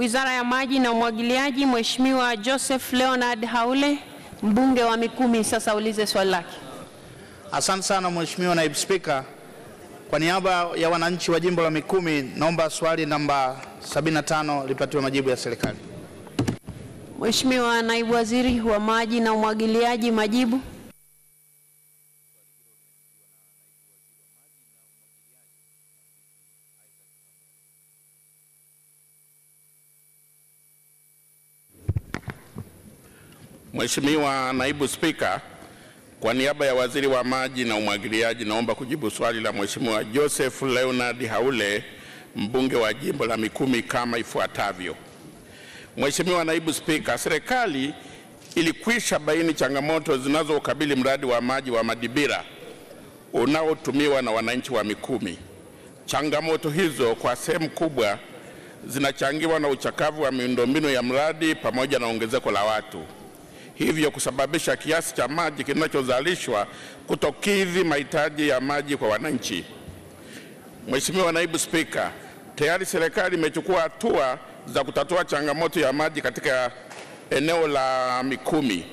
Wizara ya Maji na Umwagiliaji, Mheshimiwa Joseph Leonard Haule, mbunge wa Mikumi, sasa ulize swali lake. Asante sana Mheshimiwa Naibu Spika, kwa niaba ya wananchi wa jimbo la Mikumi naomba swali namba 75 lipatiwe majibu ya serikali. Mheshimiwa Naibu Waziri wa Maji na Umwagiliaji, majibu. Mheshimiwa Naibu Spika, kwa niaba ya Waziri wa Maji na Umwagiliaji naomba kujibu swali la Mheshimiwa Joseph Leonard Haule, mbunge wa jimbo la Mikumi kama ifuatavyo. Mheshimiwa Naibu Spika, serikali ilikwisha baini changamoto zinazokabili mradi wa maji wa Madibira unaotumiwa na wananchi wa Mikumi. Changamoto hizo kwa sehemu kubwa zinachangiwa na uchakavu wa miundombinu ya mradi pamoja na ongezeko la watu hivyo kusababisha kiasi cha maji kinachozalishwa kutokidhi mahitaji ya maji kwa wananchi. Mheshimiwa Naibu Spika, tayari serikali imechukua hatua za kutatua changamoto ya maji katika eneo la Mikumi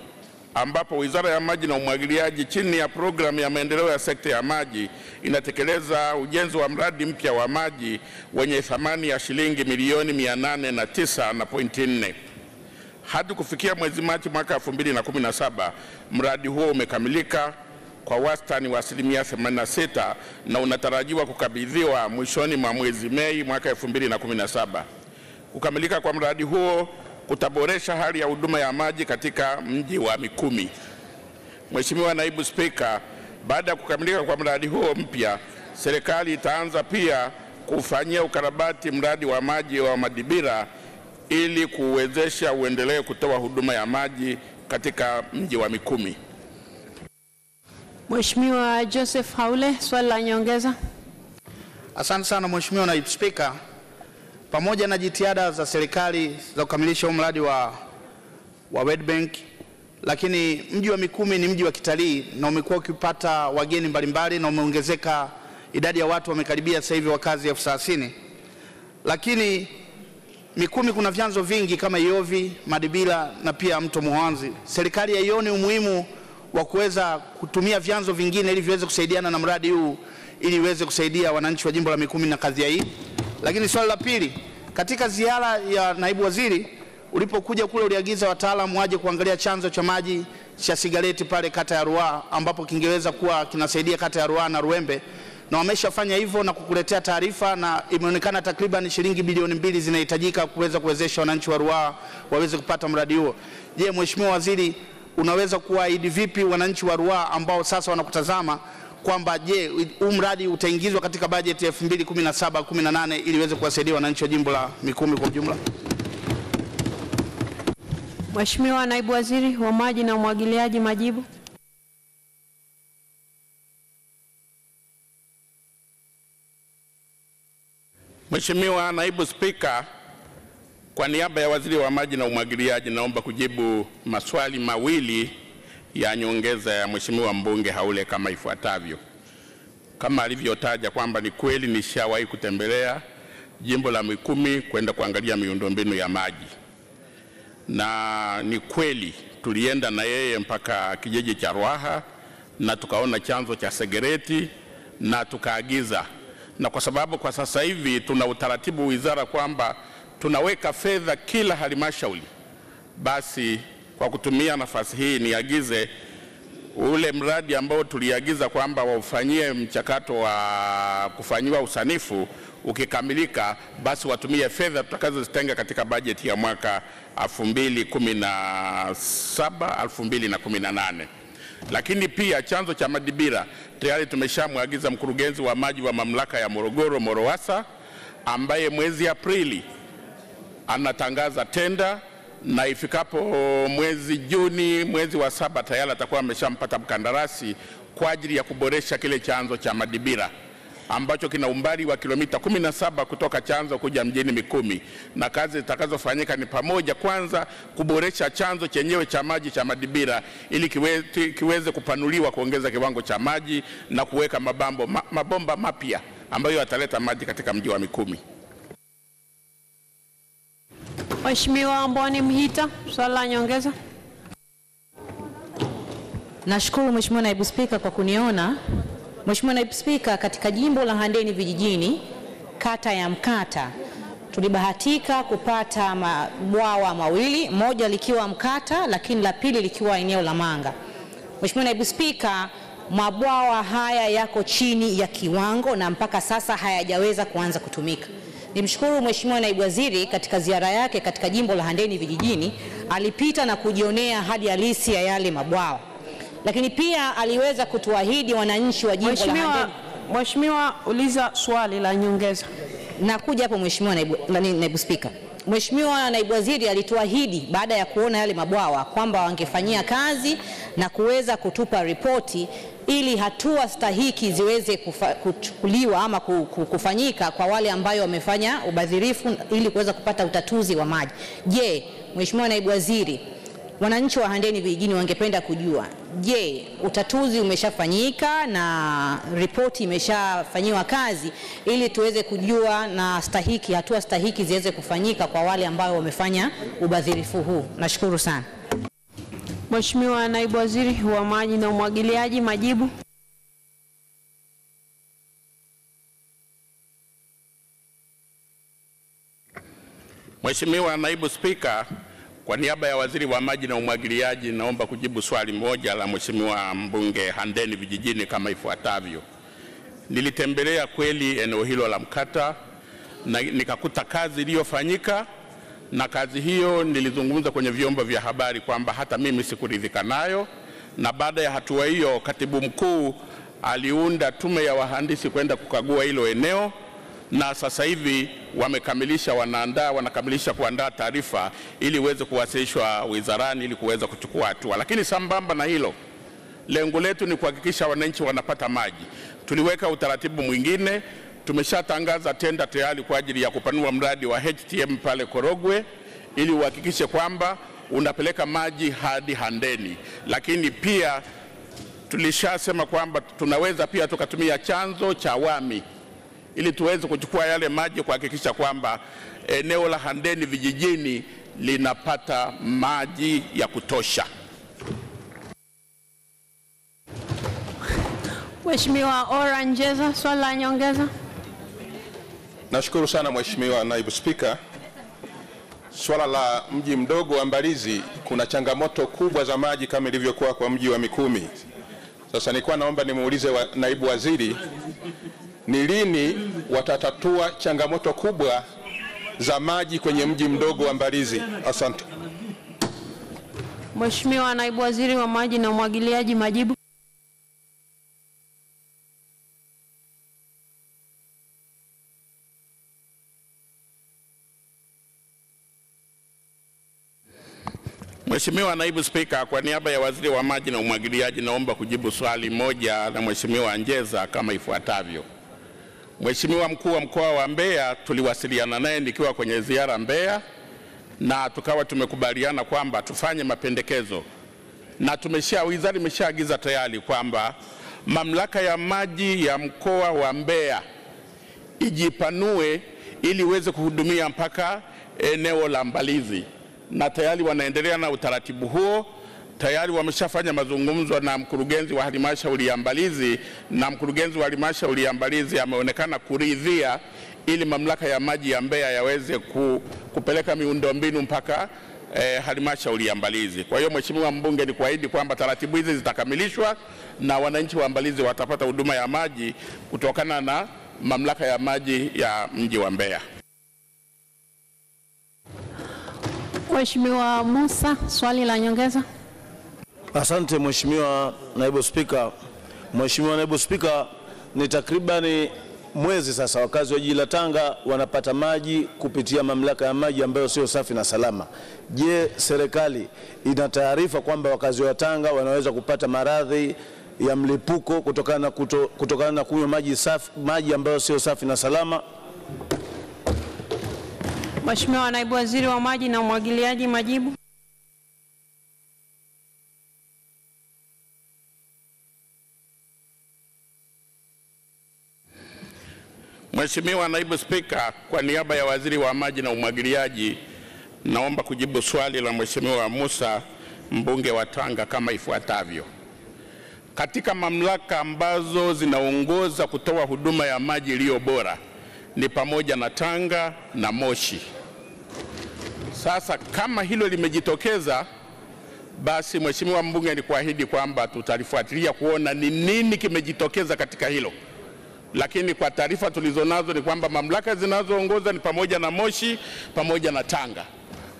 ambapo Wizara ya Maji na Umwagiliaji chini ya programu ya maendeleo ya sekta ya maji inatekeleza ujenzi wa mradi mpya wa maji wenye thamani ya shilingi milioni 809.4 na pointi nne. Hadi kufikia mwezi Machi mwaka 2017 mradi huo umekamilika kwa wastani wa asilimia 86 na unatarajiwa kukabidhiwa mwishoni mwa mwezi Mei mwaka 2017. Kukamilika kwa mradi huo kutaboresha hali ya huduma ya maji katika mji wa Mikumi. Mheshimiwa Naibu Spika, baada ya kukamilika kwa mradi huo mpya, serikali itaanza pia kufanyia ukarabati mradi wa maji wa Madibira ili kuwezesha uendelee kutoa huduma ya maji katika mji wa Mikumi. Mheshimiwa Joseph Haule, swali la nyongeza. Asante sana Mheshimiwa Naibu Spika, pamoja na jitihada za serikali za kukamilisha huu mradi wa, wa World Bank, lakini mji wa Mikumi ni mji wa kitalii na umekuwa ukipata wageni mbalimbali na umeongezeka, idadi ya watu wamekaribia sasa hivi wakazi elfu thelathini lakini Mikumi kuna vyanzo vingi kama Iovi, Madibila na pia mto Muhanzi. Serikali haioni umuhimu wa kuweza kutumia vyanzo vingine ili viweze kusaidiana na mradi huu ili iweze kusaidia wananchi wa jimbo la Mikumi na kadhia hii. Lakini swali la pili, katika ziara ya naibu waziri ulipokuja kule uliagiza wataalamu waje kuangalia chanzo cha maji cha sigareti pale kata ya Ruaha ambapo kingeweza kuwa kinasaidia kata ya Ruaha na Ruembe na wameshafanya hivyo na kukuletea taarifa, na imeonekana takriban shilingi bilioni mbili zinahitajika kuweza kuwezesha wananchi wa Ruaha waweze kupata mradi huo. Je, Mheshimiwa Waziri, unaweza kuwaahidi vipi wananchi wa Ruaha ambao sasa wanakutazama kwamba je, huu mradi utaingizwa katika bajeti ya 2017 18 ili iweze kuwasaidia wananchi wa jimbo la Mikumi kwa ujumla? Mheshimiwa Naibu Waziri wa Maji na Umwagiliaji, majibu. Mheshimiwa Naibu Spika, kwa niaba ya Waziri wa Maji na Umwagiliaji naomba kujibu maswali mawili ya nyongeza ya Mheshimiwa mbunge Haule kama ifuatavyo. Kama alivyotaja kwamba ni kweli nishawahi kutembelea jimbo la Mikumi kwenda kuangalia miundombinu ya maji, na ni kweli tulienda na yeye mpaka kijiji cha Rwaha na tukaona chanzo cha Segereti na tukaagiza na kwa sababu kwa sasa hivi tuna utaratibu wizara kwamba tunaweka fedha kila halmashauri, basi kwa kutumia nafasi hii niagize ule mradi ambao tuliagiza kwamba waufanyie mchakato wa kufanyiwa usanifu ukikamilika, basi watumie fedha tutakazozitenga katika bajeti ya mwaka 2017 2018. Lakini pia chanzo cha Madibira tayari tumeshamwagiza mkurugenzi wa maji wa mamlaka ya Morogoro MOROWASA ambaye mwezi Aprili anatangaza tenda na ifikapo mwezi Juni, mwezi wa saba, tayari atakuwa ameshampata mkandarasi kwa ajili ya kuboresha kile chanzo cha Madibira ambacho kina umbali wa kilomita 17 kutoka chanzo kuja mjini Mikumi, na kazi zitakazofanyika ni pamoja, kwanza kuboresha chanzo chenyewe cha maji cha Madibira ili kiwe, kiweze kupanuliwa kuongeza kiwango cha maji na kuweka mabambo, ma, mabomba mapya ambayo yataleta maji katika mji wa Mikumi. Mheshimiwa mboni Mhita, swali la nyongeza. Nashukuru Mheshimiwa Naibu Spika kwa kuniona. Mheshimiwa Naibu Spika, katika jimbo la Handeni vijijini kata ya Mkata tulibahatika kupata mabwawa mawili, moja likiwa Mkata lakini la pili likiwa eneo la Manga. Mheshimiwa Naibu Spika, mabwawa haya yako chini ya kiwango na mpaka sasa hayajaweza kuanza kutumika. Nimshukuru Mheshimiwa Naibu Waziri, katika ziara yake katika jimbo la Handeni vijijini alipita na kujionea hali halisi ya yale mabwawa lakini pia aliweza kutuahidi wananchi wa jimbo la Mheshimiwa, uliza swali la nyongeza. Nakuja hapo Mheshimiwa naibu, naibu Spika. Mheshimiwa naibu waziri alituahidi baada ya kuona yale mabwawa kwamba wangefanyia kazi na kuweza kutupa ripoti ili hatua stahiki ziweze kuchukuliwa ama kufanyika kwa wale ambayo wamefanya ubadhirifu ili kuweza kupata utatuzi wa maji. Je, Mheshimiwa naibu waziri Wananchi wa Handeni vijijini wangependa kujua, je, utatuzi umeshafanyika na ripoti imeshafanyiwa kazi ili tuweze kujua na stahiki, hatua stahiki ziweze kufanyika kwa wale ambao wamefanya ubadhirifu huu. Nashukuru sana. Mheshimiwa Naibu Waziri wa Maji na Umwagiliaji, majibu. Mheshimiwa Naibu Spika, kwa niaba ya waziri wa maji na umwagiliaji, naomba kujibu swali moja la mheshimiwa mbunge Handeni Vijijini kama ifuatavyo. Nilitembelea kweli eneo hilo la Mkata na nikakuta kazi iliyofanyika, na kazi hiyo nilizungumza kwenye vyombo vya habari kwamba hata mimi sikuridhika nayo, na baada ya hatua hiyo, katibu mkuu aliunda tume ya wahandisi kwenda kukagua hilo eneo na sasa hivi wamekamilisha, wanaandaa, wanakamilisha kuandaa taarifa ili iweze kuwasilishwa wizarani ili kuweza kuchukua hatua. Lakini sambamba na hilo, lengo letu ni kuhakikisha wananchi wanapata maji. Tuliweka utaratibu mwingine, tumeshatangaza tenda tayari kwa ajili ya kupanua mradi wa HTM pale Korogwe ili uhakikishe kwamba unapeleka maji hadi Handeni, lakini pia tulishasema kwamba tunaweza pia tukatumia chanzo cha Wami ili tuweze kuchukua yale maji kuhakikisha kwamba eneo la Handeni vijijini linapata maji ya kutosha. Mheshimiwa Ora Njeza, swali la nyongeza. Nashukuru sana Mheshimiwa Naibu Spika. Swala la mji mdogo wa Mbalizi kuna changamoto kubwa za maji kama ilivyokuwa kwa mji wa Mikumi. Sasa nilikuwa naomba nimuulize wa, naibu waziri ni lini watatatua changamoto kubwa za maji kwenye mji mdogo wa Mbalizi? Asante. Mheshimiwa Naibu Waziri wa Maji na Umwagiliaji, majibu. Mheshimiwa Naibu Spika, kwa niaba ya Waziri wa Maji na Umwagiliaji naomba kujibu swali moja la Mheshimiwa Njeza kama ifuatavyo. Mheshimiwa mkuu wa mkoa wa Mbeya tuliwasiliana naye nikiwa kwenye ziara Mbeya, na tukawa tumekubaliana kwamba tufanye mapendekezo na tumesha, wizara imeshaagiza tayari kwamba mamlaka ya maji ya mkoa wa Mbeya ijipanue ili iweze kuhudumia mpaka eneo la Mbalizi, na tayari wanaendelea na utaratibu huo tayari wameshafanya mazungumzo na mkurugenzi wa halmashauri ya Mbalizi na mkurugenzi wa halmashauri ya Mbalizi ameonekana kuridhia ili mamlaka ya maji ya Mbeya yaweze ku, kupeleka miundombinu mpaka eh, halmashauri ya Mbalizi. Kwa hiyo Mheshimiwa mbunge, ni kuahidi kwamba taratibu hizi zitakamilishwa na wananchi wa Mbalizi watapata huduma ya maji kutokana na mamlaka ya maji ya mji wa Mbeya. Mheshimiwa Musa, swali la nyongeza. Asante Mheshimiwa Naibu Spika. Mheshimiwa Naibu Spika, ni takribani mwezi sasa wakazi wa jiji la Tanga wanapata maji kupitia mamlaka ya maji ambayo sio safi na salama. Je, serikali ina taarifa kwamba wakazi wa Tanga wanaweza kupata maradhi ya mlipuko kutokana na kuto, kutokana na kunywa maji safi, maji ambayo sio safi na salama? Mheshimiwa Naibu Waziri wa Maji na Umwagiliaji, majibu. Mheshimiwa Naibu Spika, kwa niaba ya Waziri wa Maji na Umwagiliaji, naomba kujibu swali la Mheshimiwa Musa, mbunge wa Tanga, kama ifuatavyo. Katika mamlaka ambazo zinaongoza kutoa huduma ya maji iliyo bora ni pamoja na Tanga na Moshi. Sasa kama hilo limejitokeza, basi Mheshimiwa mbunge, nikuahidi kwamba tutalifuatilia kuona ni nini kimejitokeza katika hilo lakini kwa taarifa tulizonazo ni kwamba mamlaka zinazoongoza ni pamoja na Moshi pamoja na Tanga.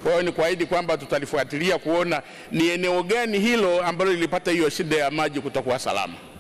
Kwa hiyo ni kuahidi kwamba tutalifuatilia kuona ni eneo gani hilo ambalo lilipata hiyo shida ya maji kutokuwa salama.